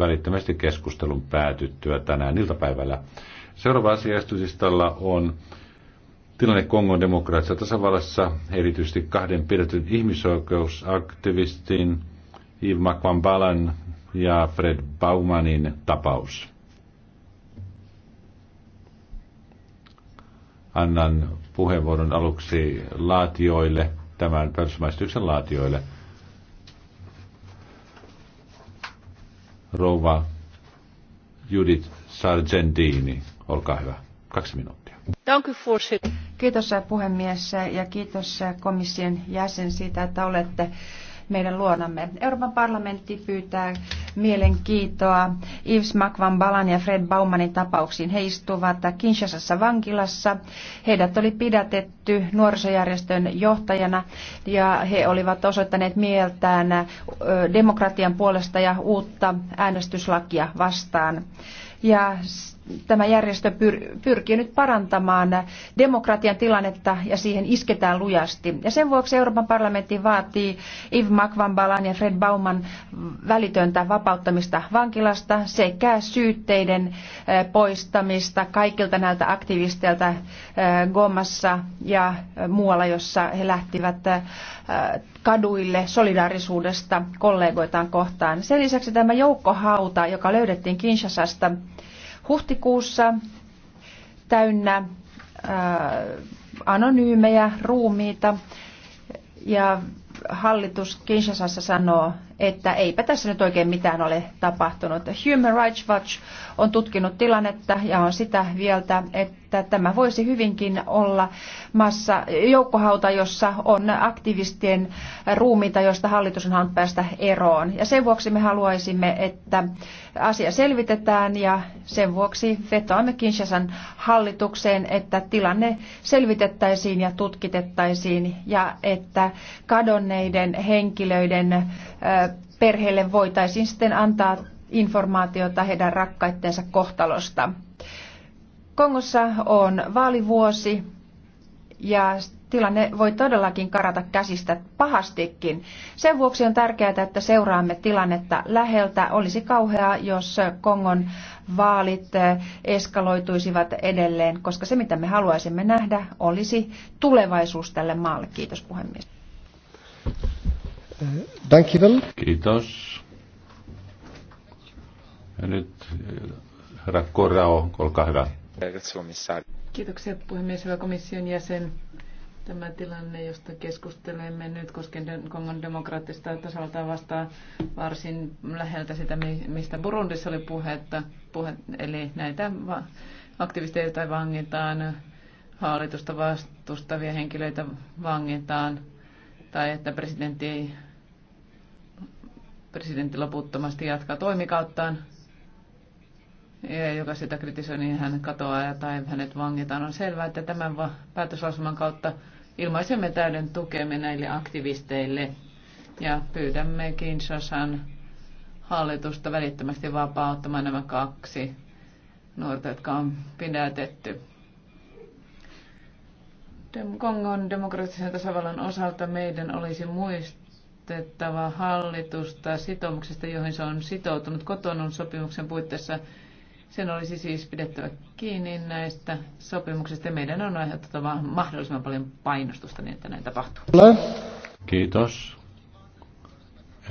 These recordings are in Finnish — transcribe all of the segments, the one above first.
välittömästi keskustelun päätyttyä tänään iltapäivällä. Seuraava asiaistysistalla on tilanne Kongon demokraattisessa tasavallassa, erityisesti kahden pidetyn ihmisoikeusaktivistin Yves Makwambalan ja Fred Baumanin tapaus. Annan puheenvuoron aluksi laatioille, tämän perusmaistyksen laatioille – rouva Judith Sargentini. Olkaa hyvä. Kaksi minuuttia. Kiitos puhemies ja kiitos komission jäsen siitä, että olette meidän luonamme. Euroopan parlamentti pyytää mielenkiintoa Yves Balan ja Fred Baumanin tapauksiin. He istuvat Kinshasassa vankilassa. Heidät oli pidätetty nuorisojärjestön johtajana ja he olivat osoittaneet mieltään demokratian puolesta ja uutta äänestyslakia vastaan ja tämä järjestö pyrkii nyt parantamaan demokratian tilannetta ja siihen isketään lujasti. Ja sen vuoksi Euroopan parlamentti vaatii Yves Makvambalan ja Fred Bauman välitöntä vapauttamista vankilasta sekä syytteiden poistamista kaikilta näiltä aktivisteilta Gomassa ja muualla, jossa he lähtivät kaduille solidaarisuudesta kollegoitaan kohtaan. Sen lisäksi tämä joukkohauta, joka löydettiin Kinshasasta huhtikuussa, täynnä ää, äh, anonyymejä ruumiita. Ja hallitus Kinshasassa sanoo, että eipä tässä nyt oikein mitään ole tapahtunut. Human Rights Watch on tutkinut tilannetta ja on sitä vielä, että tämä voisi hyvinkin olla massa joukkohauta, jossa on aktivistien ruumiita, josta hallitus on halunnut päästä eroon. Ja sen vuoksi me haluaisimme, että asia selvitetään ja sen vuoksi vetoamme Kinshasan hallitukseen, että tilanne selvitettäisiin ja tutkitettaisiin ja että kadonneiden henkilöiden perheelle voitaisiin sitten antaa informaatiota heidän rakkaittensa kohtalosta. Kongossa on vaalivuosi ja tilanne voi todellakin karata käsistä pahastikin. Sen vuoksi on tärkeää, että seuraamme tilannetta läheltä. Olisi kauheaa, jos Kongon vaalit eh, eskaloituisivat edelleen, koska se mitä me haluaisimme nähdä olisi tulevaisuus tälle maalle. Kiitos puhemies. Kiitos. Ja nyt herra Korrao, olkaa hyvä. Kiitoksia puhemies, hyvä komission jäsen. Tämä tilanne, josta keskustelemme nyt koskien Kongon demokraattista tasavaltaa vastaa varsin läheltä sitä, mistä Burundissa oli puhetta, puhe, eli näitä aktivisteja, joita vangitaan, hallitusta vastustavia henkilöitä vangitaan, tai että presidentti ei presidentti loputtomasti jatkaa toimikauttaan, ja joka sitä kritisoi, niin hän katoaa tai hänet vangitaan. On selvää, että tämän päätöslausuman kautta ilmaisemme täyden tukemme näille aktivisteille ja pyydämme Kinshasan hallitusta välittömästi vapauttamaan nämä kaksi nuorta, jotka on pidätetty. Kongon demokraattisen tasavallan osalta meidän olisi muistaa, muistutettava hallitusta sitoumuksesta, joihin se on sitoutunut kotonun sopimuksen puitteissa. Sen olisi siis pidettävä kiinni näistä sopimuksista. Meidän on aiheutettava mahdollisimman paljon painostusta niin, että näin tapahtuu. Kiitos.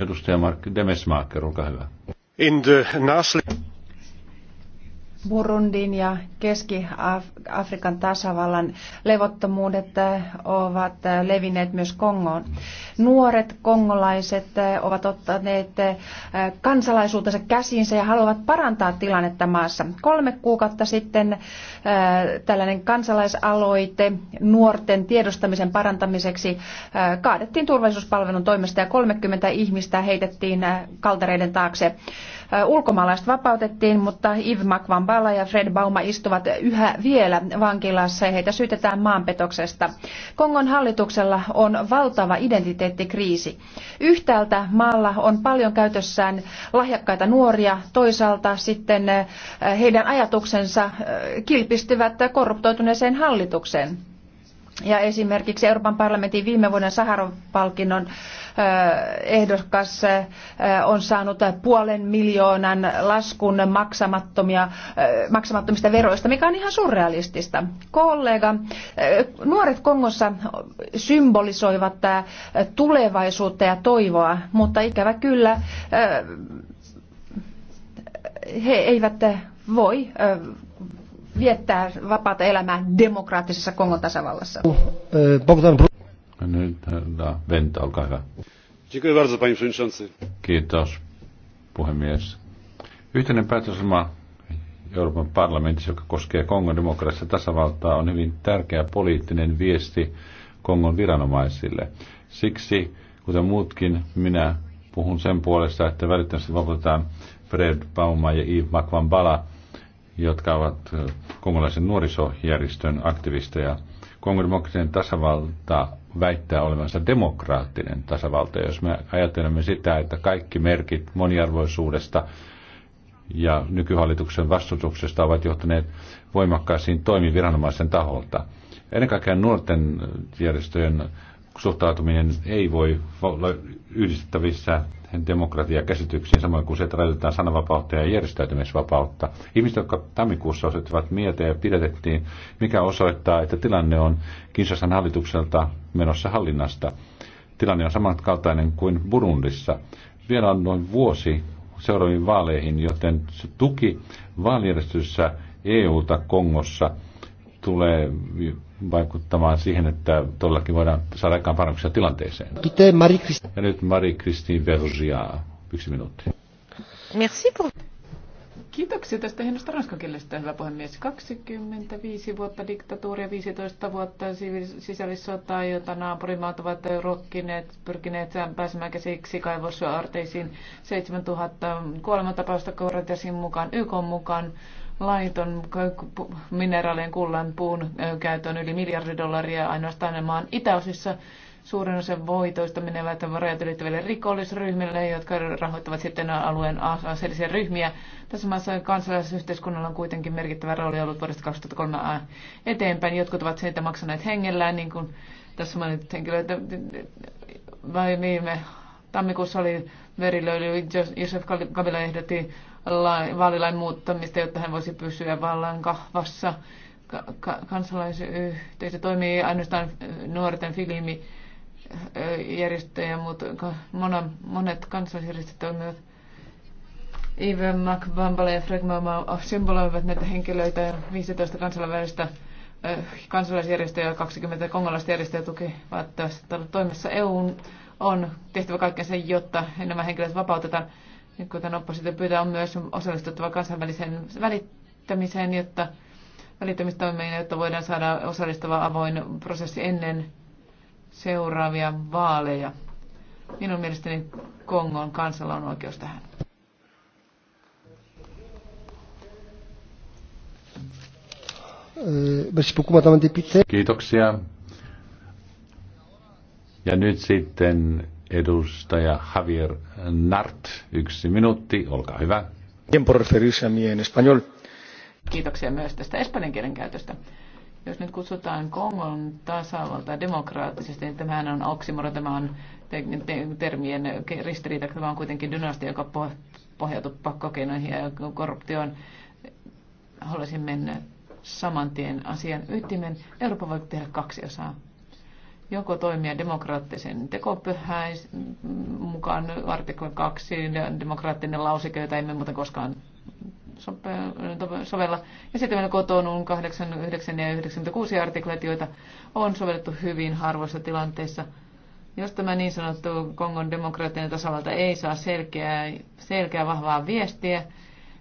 Edustaja Mark Demesmaaker, olkaa hyvä. In the Burundin ja Keski-Afrikan tasavallan levottomuudet äh, ovat äh, levinneet myös Kongoon. Nuoret kongolaiset äh, ovat ottaneet kansalaisuutensa käsiinsä ja haluavat parantaa tilannetta maassa. Kolme kuukautta sitten tällainen kansalaisaloite nuorten tiedostamisen parantamiseksi kaadettiin turvallisuuspalvelun toimesta ja 30 ihmistä heitettiin kaltereiden taakse. Ulkomaalaiset vapautettiin, mutta Yves Makvambala ja Fred Bauma istuvat yhä vielä vankilassa ja heitä syytetään maanpetoksesta. Kongon hallituksella on valtava identiteettikriisi. Yhtäältä maalla on paljon käytössään lahjakkaita nuoria, toisaalta sitten heidän ajatuksensa kilpistyvät korruptoituneeseen hallitukseen. Ja esimerkiksi Euroopan parlamentin viime vuoden saharov palkinnon ehdokas on saanut puolen miljoonan laskun maksamattomia, maksamattomista veroista, mikä on ihan surrealistista. Kollega, nuoret Kongossa symbolisoivat tulevaisuutta ja toivoa, mutta ikävä kyllä he eivät voi viettää vapaata elämää demokraattisessa Kongon tasavallassa. Nyt herra Venta, olkaa hyvä. Kiitos, puhemies. Yhteinen päätösoma Euroopan parlamentissa, joka koskee Kongon demokraattista tasavaltaa, on hyvin tärkeä poliittinen viesti Kongon viranomaisille. Siksi, kuten muutkin, minä puhun sen puolesta, että välittömästi vapautetaan Fred Bauma ja Yves Bala jotka ovat kongolaisen nuorisojärjestön aktivisteja. Kongodemokraattinen tasavalta väittää olevansa demokraattinen tasavalta. Jos me ajattelemme sitä, että kaikki merkit moniarvoisuudesta ja nykyhallituksen vastustuksesta ovat johtaneet voimakkaisiin toimiviranomaisen taholta. Ennen kaikkea nuorten järjestöjen suhtautuminen ei voi olla yhdistettävissä käsityksiin samoin kuin se, että rajoitetaan sananvapautta ja järjestäytymisvapautta. Ihmiset, jotka tammikuussa osoittivat mieltä ja pidätettiin, mikä osoittaa, että tilanne on Kinsasan hallitukselta menossa hallinnasta. Tilanne on samankaltainen kuin Burundissa. Vielä on noin vuosi seuraaviin vaaleihin, joten tuki vaalijärjestyssä EU-ta Kongossa – tulee vaikuttamaan siihen, että todellakin voidaan saada aikaan parannuksia tilanteeseen. Ja nyt Marie-Christine Vergia, yksi minuutti. Merci pour... Kiitoksia tästä hienosta ranskankielestä, hyvä puhemies. 25 vuotta diktatuuria, 15 vuotta sisällissotaa, jota naapurimaat ovat rokkineet, pyrkineet pääsemään käsiksi kaivosuoarteisiin. 7000 kuolemantapausta Kortesin mukaan, YK mukaan laiton mineraalien kullan puun käytön yli miljardi dollaria ainoastaan maan itäosissa. Suurin osa voitoista menevät rajat ylittäville rikollisryhmille, jotka rahoittavat sitten alueen aseellisia ryhmiä. Tässä maassa kansalaisyhteiskunnalla on kuitenkin merkittävä rooli ollut vuodesta 2003 eteenpäin. Jotkut ovat siitä maksaneet hengellään, niin kuin tässä mainitut henkilöt. Vai viime tammikuussa oli verilöily, Joseph Kabila ehdotti vaalilain muuttamista, jotta hän voisi pysyä vallan kahvassa. Ka- ka- kansalaisyhteisö toimii ainoastaan nuorten filmijärjestöjä, mutta monet kansalaisjärjestöt toimivat Ivan McBambale ja Mama symboloivat näitä henkilöitä ja 15 kansainvälistä kansalaisjärjestöä ja 20 kongolaista järjestöä tukevat tässä toimessa. EU on tehtävä kaikkensa, jotta nämä henkilöt vapautetaan kuten oppositio pyytää, on myös osallistuttava kansainväliseen välittämiseen, jotta välittämistoimeen, jotta voidaan saada osallistava avoin prosessi ennen seuraavia vaaleja. Minun mielestäni Kongon kansalla on oikeus tähän. Eh, Kiitoksia. Ja nyt sitten Edustaja Javier Nart, yksi minuutti, olkaa hyvä. Kiitoksia myös tästä espanjan kielen käytöstä. Jos nyt kutsutaan Kongon tasavalta demokraattisesti, niin tämähän on oksimoro, tämä on te- te- termien ristiriita, tämä on kuitenkin dynastia, joka po- pohjautuu pakkokeinoihin ja korruptioon. Haluaisin mennä saman tien asian ytimen. Eurooppa voi tehdä kaksi osaa joko toimia demokraattisen tekopyhän mukaan artikla 2, demokraattinen lausike, jota emme muuten koskaan sovella. Ja sitten meillä on 8, 9 ja 96 artiklat, joita on sovellettu hyvin harvoissa tilanteissa. Jos tämä niin sanottu Kongon demokraattinen tasavalta ei saa selkeää, selkeää vahvaa viestiä,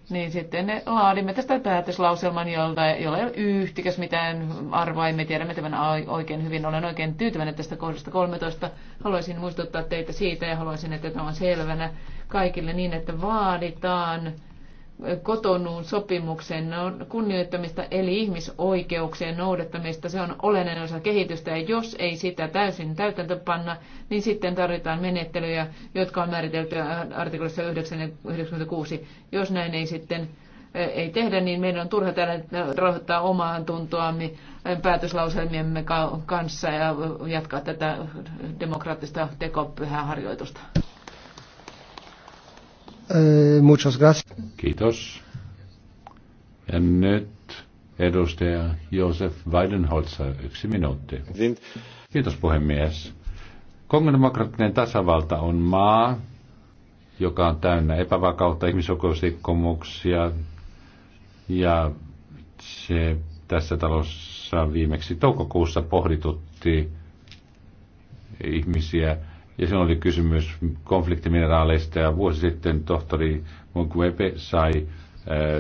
niin sitten laadimme tästä päätöslauselman, jolta ei ole yhtikäs mitään arvoa, emme tiedämme tämän oikein hyvin. Olen oikein tyytyväinen tästä kohdasta 13. Haluaisin muistuttaa teitä siitä ja haluaisin, että tämä on selvänä kaikille niin, että vaaditaan kotonuun sopimuksen kunnioittamista eli ihmisoikeuksien noudattamista. Se on olennainen osa kehitystä ja jos ei sitä täysin täytäntöpanna, niin sitten tarvitaan menettelyjä, jotka on määritelty artiklassa 96. Jos näin ei sitten eh, ei tehdä, niin meidän on turha täällä rahoittaa omaan tuntoamme eh, päätöslauselmiemme kanssa ja jatkaa tätä demokraattista tekopyhää harjoitusta. Eh, muchas gracias. Kiitos. Ja nyt edustaja Josef Weidenholzer, yksi minuutti. Kiitos puhemies. Kongon demokraattinen tasavalta on maa, joka on täynnä epävakautta, ihmisoikeusrikkomuksia ja se tässä talossa viimeksi toukokuussa pohditutti ihmisiä ja silloin oli kysymys konfliktimineraaleista ja vuosi sitten tohtori Mukwebe sai eh,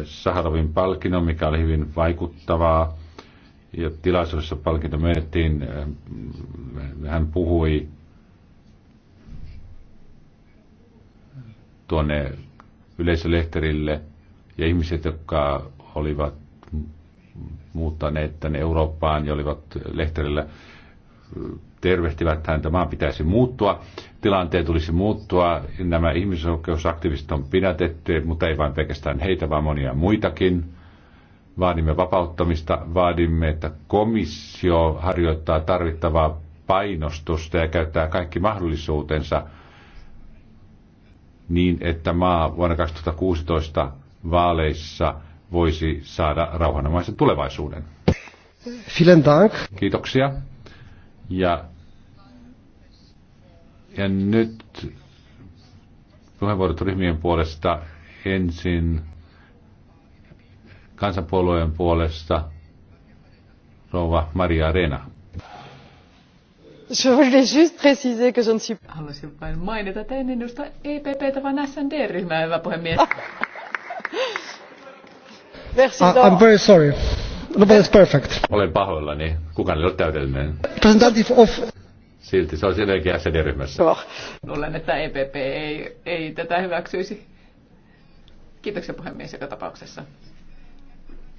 Saharovin palkinnon, mikä oli hyvin vaikuttavaa. Ja tilaisuudessa palkinto myönnettiin, eh, hän puhui tuonne yleisölehterille ja ihmiset, jotka olivat muuttaneet tänne Eurooppaan ja olivat lehterillä, tervehtivät häntä, maan pitäisi muuttua, tilanteen tulisi muuttua, nämä ihmisoikeusaktivistit on pidätetty, mutta ei vain pelkästään heitä, vaan monia muitakin. Vaadimme vapauttamista, vaadimme, että komissio harjoittaa tarvittavaa painostusta ja käyttää kaikki mahdollisuutensa niin, että maa vuonna 2016 vaaleissa voisi saada rauhanomaisen tulevaisuuden. Vielen Dank. Kiitoksia. Ja, ja nyt puheenvuorot ryhmien puolesta ensin kansanpuolueen puolesta rouva Maria Arena. Je voulais juste préciser que je ne suis pas... Haluaisin vain mainita, että en edusta EPPtä, vaan SND-ryhmää, hyvä puhemies. Merci. I'm very sorry. No, that's perfect. Olen pahoillani. Kukaan ei ole täydellinen. Representative of... Silti se olisi jotenkin CD-ryhmässä. Joo. Luulen, että EPP ei, ei tätä hyväksyisi. Kiitoksia puhemies joka tapauksessa.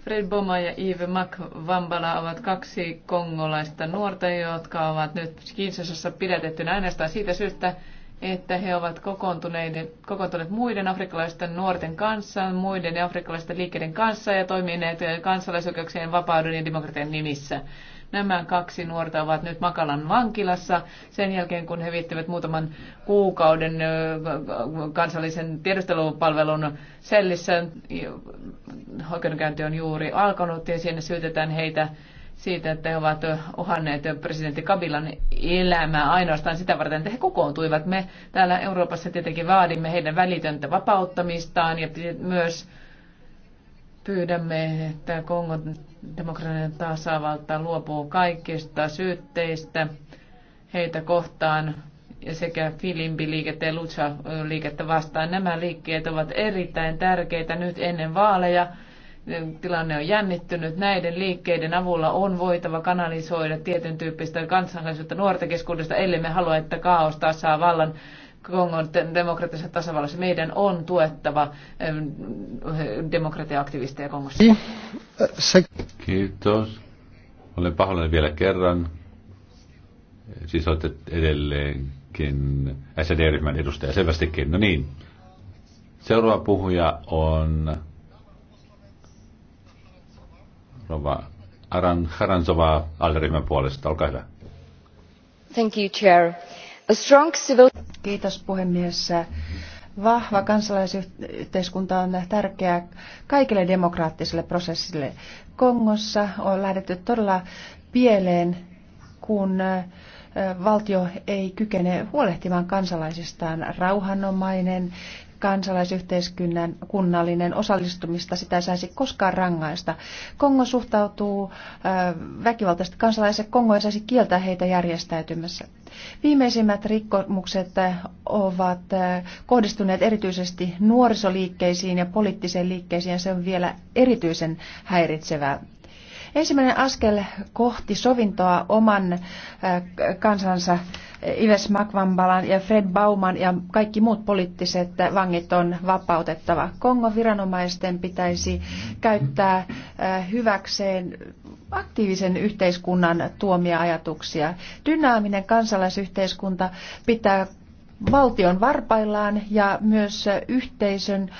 Fred Boma ja Yves Mac Vambala ovat kaksi kongolaista nuorta, jotka ovat nyt Kinsasassa pidätettynä ainoastaan siitä syystä, että he ovat kokoontuneet, muiden afrikkalaisten nuorten kanssa, muiden afrikkalaisten liikkeiden kanssa ja toimineet kansalaisoikeuksien, vapauden ja demokratian nimissä. Nämä kaksi nuorta ovat nyt Makalan vankilassa sen jälkeen, kun he viittivät muutaman kuukauden kansallisen tiedustelupalvelun sellissä. Oikeudenkäynti on juuri alkanut ja siinä syytetään heitä siitä, että he ovat uhanneet presidentti Kabilan elämää ainoastaan sitä varten, että he kokoontuivat. Me täällä Euroopassa tietenkin vaadimme heidän välitöntä vapauttamistaan ja myös pyydämme, että Kongon demokraattinen tasavalta luopuu kaikista syytteistä heitä kohtaan ja sekä Filimbi-liikettä ja Lucha-liikettä vastaan. Nämä liikkeet ovat erittäin tärkeitä nyt ennen vaaleja tilanne on jännittynyt. Näiden liikkeiden avulla on voitava kanalisoida tietyn tyyppistä kansalaisuutta nuorten keskuudesta, ellei me halua, että kaos taas saa vallan Kongon demokraattisessa tasavallassa. Meidän on tuettava demokratiaaktivisteja Kongossa. Kiitos. Olen pahoillani vielä kerran. Siis olette edelleenkin sd ryhmän edustaja selvästikin. No niin. Seuraava puhuja on Rova Aran Haranzova alderyhmän puolesta. Olkaa hyvä. Thank you, Chair. A strong civil... Kiitos puhemies. Vahva kansalaisyhteiskunta on tärkeää kaikille demokraattisille prosessille. Kongossa on lähdetty todella pieleen, kun valtio ei kykene huolehtimaan kansalaisistaan. Rauhanomainen kansalaisyhteiskunnan kunnallinen osallistumista, sitä ei saisi koskaan rangaista. Kongo suhtautuu väkivaltaisesti kansalaiset, Kongo ei saisi kieltää heitä järjestäytymässä. Viimeisimmät rikkomukset ovat kohdistuneet erityisesti nuorisoliikkeisiin ja poliittiseen liikkeisiin, ja se on vielä erityisen häiritsevää. Ensimmäinen askel kohti sovintoa oman äh, kansansa Ives äh, Makvambalan ja Fred Bauman ja kaikki muut poliittiset vangit on vapautettava. Kongon viranomaisten pitäisi käyttää äh, hyväkseen aktiivisen yhteiskunnan tuomia ajatuksia. Dynaaminen kansalaisyhteiskunta pitää valtion varpaillaan ja myös yhteisön,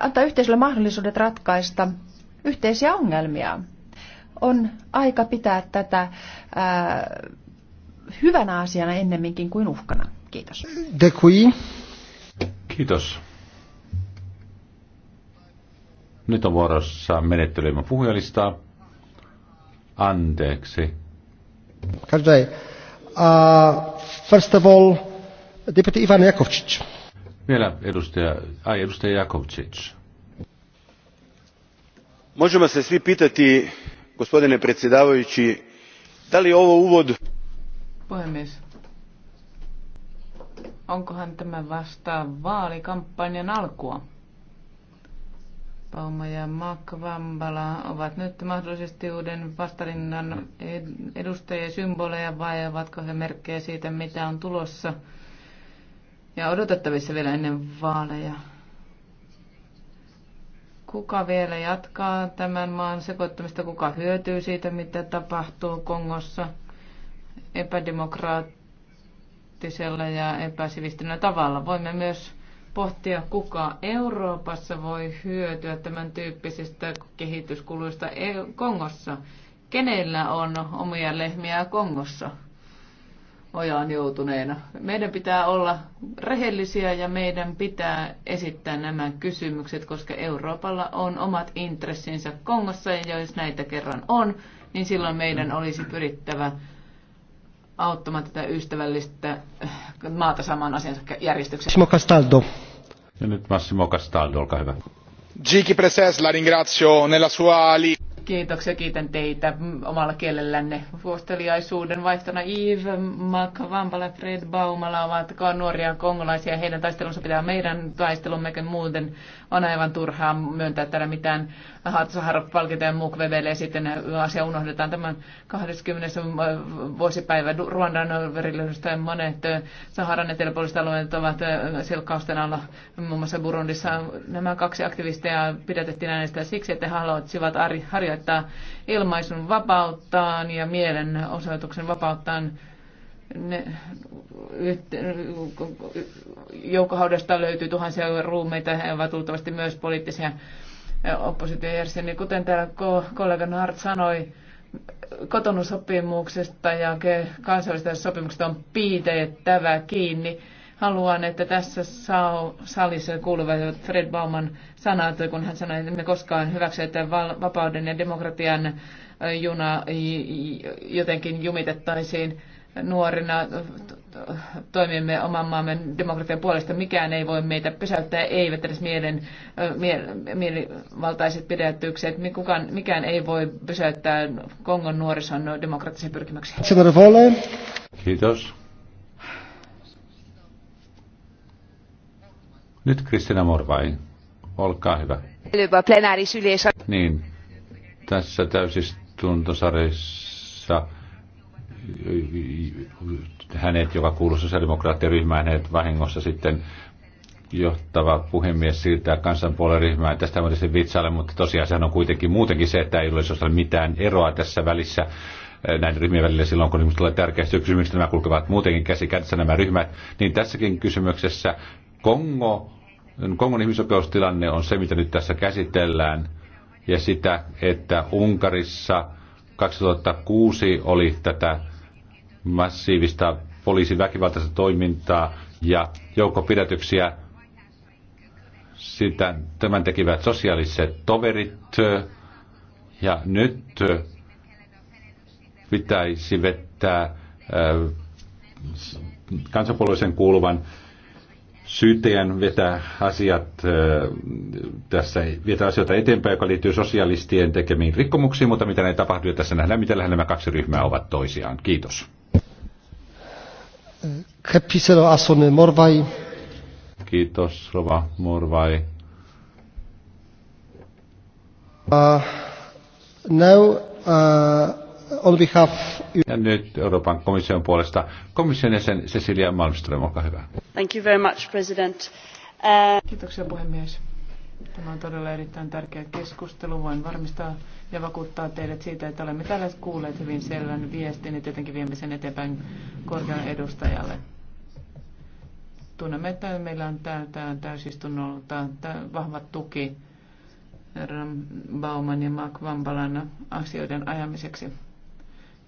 antaa yhteisölle mahdollisuudet ratkaista yhteisiä ongelmia on aika pitää tätä ää, hyvänä asiana ennemminkin kuin uhkana. Kiitos. Dekui. Kiitos. Nyt on vuorossa menettelymä puhujalistaa. Anteeksi. Kardai. Uh, first of all, deputy Ivan Jakovčić. Vielä edustaja, ai edustaja Jakovčić. Možemo se svi pitati gospodine predsjedniče je li ovo uvod. puhemies onkohan tämä vasta vaalikampanjan alkua? Pauma ja Makvambala ovat nyt mahdollisesti uuden vastarinnan edustajia symboleja vai ovatko he merkkejä siitä, mitä on tulossa ja odotettavissa vielä ennen vaaleja? kuka vielä jatkaa tämän maan sekoittamista, kuka hyötyy siitä, mitä tapahtuu Kongossa epädemokraattisella ja epäsivistynä tavalla. Voimme myös pohtia, kuka Euroopassa voi hyötyä tämän tyyppisistä kehityskuluista e- Kongossa. Kenellä on omia lehmiä Kongossa? ojaan joutuneena. Meidän pitää olla rehellisiä ja meidän pitää esittää nämä kysymykset, koska Euroopalla on omat intressinsä Kongossa ja jos näitä kerran on, niin silloin meidän olisi pyrittävä auttamaan tätä ystävällistä äh, maata saman asiansa järjestykseen. Massimo Castaldo. Ja nyt Massimo Castaldo, olkaa hyvä. Gigi Preses, la ringrazio nella sua li- Kiitoksia, kiitän teitä omalla kielellänne. Vuosteliaisuuden vaihtona Yves Makavampala Vampala, Fred Baumala ovat nuoria kongolaisia. Heidän taistelunsa pitää meidän taistelumme, muuten on aivan turhaa myöntää täällä mitään Saharov-palkintoja Mukwebelle ja sitten asia unohdetaan tämän 20. vuosipäivän Ruandan ja monet Saharan eteläpuoliset alueet ovat silkkausten alla muun muassa Burundissa. Nämä kaksi aktivistia pidätettiin äänestä siksi, että he sivat harjoittaa kunnioittaa ilmaisun vapauttaan ja osoituksen vapauttaan. Ne, joukkohaudasta löytyy tuhansia ruumeita, he ovat luultavasti myös poliittisia oppositiojärjestöjä. Kuten täällä kollega Nart sanoi, kotonusopimuksesta ja kansainvälisestä sopimuksesta on piiteettävä kiinni haluan, että tässä salissa kuuluvat Fred Bauman sanat, kun hän sanoi, että me koskaan hyväksy, että vapauden ja demokratian juna jotenkin jumitettaisiin nuorina toimimme oman maamme demokratian puolesta. Mikään ei voi meitä pysäyttää, eivät edes mielen, mie, mielivaltaiset pidätykset. Kukaan, mikään ei voi pysäyttää Kongon nuorison demokraattisia pyrkimyksiä. Kiitos. Nyt Kristina Morvain, olkaa hyvä. Niin, tässä täysistuntosarissa hänet, joka kuuluu sosiaalidemokraattien ryhmään, hänet vahingossa sitten johtava puhemies siirtää kansanpuolen ryhmään. Tästä mä tietysti vitsailla, mutta tosiaan on kuitenkin muutenkin se, että ei ole mitään eroa tässä välissä näiden ryhmien välillä silloin, kun tulee tärkeästi kysymyksestä, nämä kulkevat muutenkin käsi kädessä nämä ryhmät, niin tässäkin kysymyksessä Kongo Kongon ihmisoikeustilanne on se, mitä nyt tässä käsitellään, ja sitä, että Unkarissa 2006 oli tätä massiivista poliisin väkivaltaista toimintaa ja joukkopidätyksiä. Sitä, tämän tekivät sosiaaliset toverit, ja nyt pitäisi vettää kansanpuolueeseen kuuluvan syyttäjän vetää asiat tässä, vetää asioita eteenpäin, joka liittyy sosialistien tekemiin rikkomuksiin, mutta mitä näin tapahtuu, ja tässä nähdään, miten lähellä nämä kaksi ryhmää ovat toisiaan. Kiitos. Kepiselo Asunen Morvai. Kiitos, Rova Morvai. Uh, now, uh, on behalf... Ja nyt Euroopan komission puolesta komission jäsen Cecilia Malmström, olkaa hyvä. Thank you very much, President. Uh... Kiitoksia puhemies. Tämä on todella erittäin tärkeä keskustelu. Voin varmistaa ja vakuuttaa teidät siitä, että olemme täällä kuulleet hyvin selvän viestin ja tietenkin viemme sen eteenpäin korkean edustajalle. Tunnemme, että meillä on täältä täysistunnolta vahva tuki Bauman ja Mark Vambalan asioiden ajamiseksi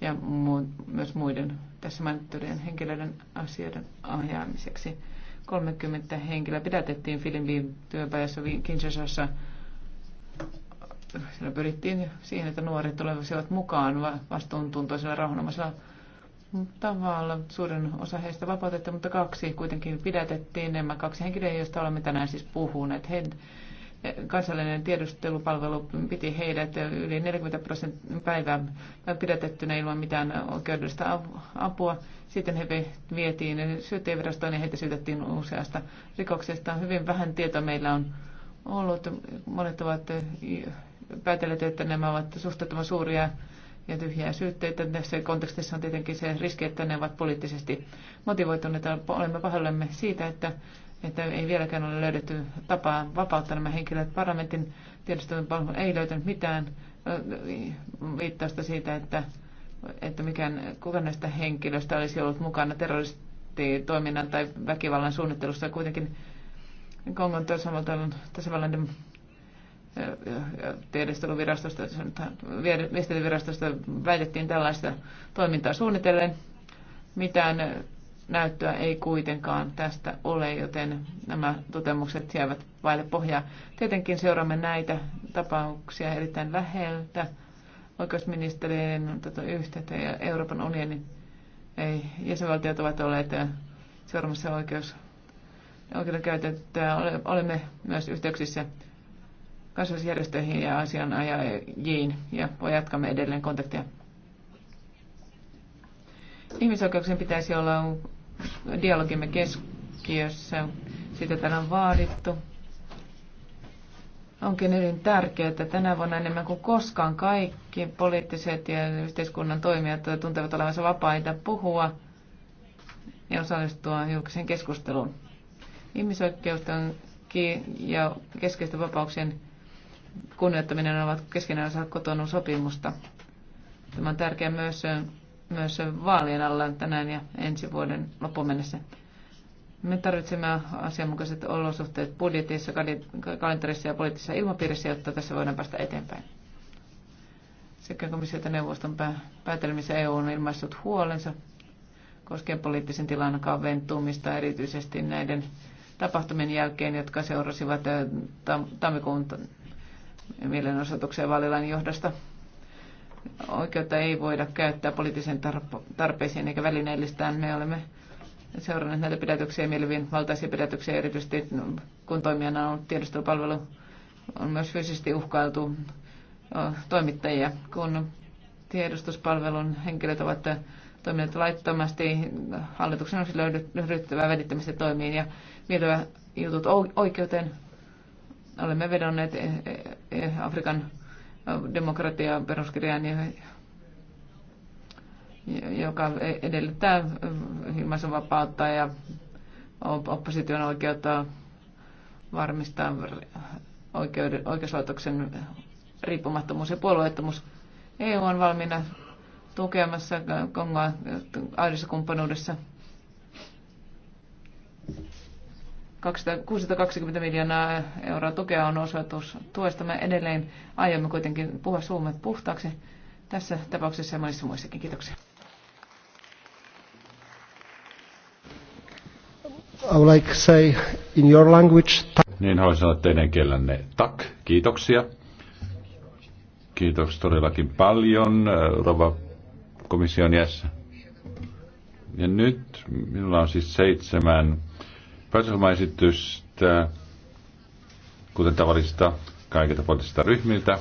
ja myös muiden tässä mainittujen henkilöiden asioiden ohjaamiseksi. 30 henkilöä pidätettiin Filippiin työpajassa Kinshasassa. Siellä pyrittiin siihen, että nuoret tulevat mukaan vastuuntuntoisella rauhanomaisella tavalla. Suurin osa heistä vapautettiin, mutta kaksi kuitenkin pidätettiin. Nämä kaksi henkilöä, joista olemme tänään siis puhuneet. He kansallinen tiedustelupalvelu piti heidät yli 40 prosenttia päivää pidätettynä ilman mitään oikeudellista apua. Sitten he vietiin syyttäjävirastoon ja heitä syytettiin useasta rikoksesta. Hyvin vähän tietoa meillä on ollut. Monet ovat päätelleet, että nämä ovat suhteettoman suuria ja tyhjiä syytteitä. Tässä kontekstissa on tietenkin se riski, että ne ovat poliittisesti motivoituneita. Olemme pahoillemme siitä, että että ei vieläkään ole löydetty tapaa vapauttaa nämä henkilöt. Parlamentin tiedustelupalvelu ei löytänyt mitään viittausta siitä, että, että mikään, kuka näistä henkilöistä olisi ollut mukana terroristitoiminnan tai väkivallan suunnittelussa. Kuitenkin Kongon tasavallan, tasavallan tiedusteluvirastosta, viestintävirastosta väitettiin tällaista toimintaa suunnitellen Mitään näyttöä ei kuitenkaan tästä ole, joten nämä totemukset jäävät vaille pohjaa. Tietenkin seuraamme näitä tapauksia erittäin läheltä. Oikeusministeriön yhteyttä ja Euroopan unionin ei, jäsenvaltiot ovat olleet äh, seuraamassa oikeus, oikeudenkäytäntöä. Olemme myös yhteyksissä kansallisjärjestöihin ja asianajajiin ja voi jatkamme edelleen kontaktia ihmisoikeuksien pitäisi olla dialogimme keskiössä. Sitä täällä on vaadittu. Onkin hyvin tärkeää, että tänä vuonna enemmän kuin koskaan kaikki poliittiset ja yhteiskunnan toimijat tuntevat olevansa vapaita puhua ja osallistua julkiseen keskusteluun. Ihmisoikeusten ja keskeisten vapauksien kunnioittaminen ovat keskenään osa kotonun sopimusta. Tämä on tärkeää myös myös vaalien alla tänään ja ensi vuoden loppuun mennessä. Me tarvitsemme asianmukaiset olosuhteet budjetissa, kalenterissa ja poliittisessa ilmapiirissä, jotta tässä voidaan päästä eteenpäin. Sekä komissio että neuvoston päätelmissä EU on ilmaissut huolensa koskien poliittisen tilan kaventumista, erityisesti näiden tapahtumien jälkeen, jotka seurasivat tammikuun mielenosoituksen vaalilain johdosta oikeutta ei voida käyttää poliittiseen tarpeeseen eikä välineellistään. Me olemme seuranneet näitä pidätyksiä ja valtaisia pidätyksiä, erityisesti kun toimijana on tiedostopalvelu, tiedustelupalvelu, on myös fyysisesti uhkailtu toimittajia. Kun tiedustuspalvelun henkilöt ovat toimineet laittomasti, hallituksen on ryhdyttävä välittämistä toimiin ja vietävä jutut oikeuteen. Olemme vedonneet e-, e-, Afrikan demokratia peruskirjaan, joka edellyttää vapautta ja opposition oikeutta varmistaa oikeuslaitoksen riippumattomuus ja puolueettomuus. EU on valmiina tukemassa Kongoa aidossa kumppanuudessa 620 miljoonaa euroa tukea on osoitus tuesta. Me edelleen aiomme kuitenkin puhua suomet puhtaaksi tässä tapauksessa ja monissa muissakin. Kiitoksia. I would like say in your language. Niin haluaisin sanoa teidän kielenne tak, kiitoksia. Kiitoksia todellakin paljon, rova komission jäsen. Ja nyt minulla on siis seitsemän päätösomaesitystä, kuten tavallista kaikilta poliittisilta ryhmiltä.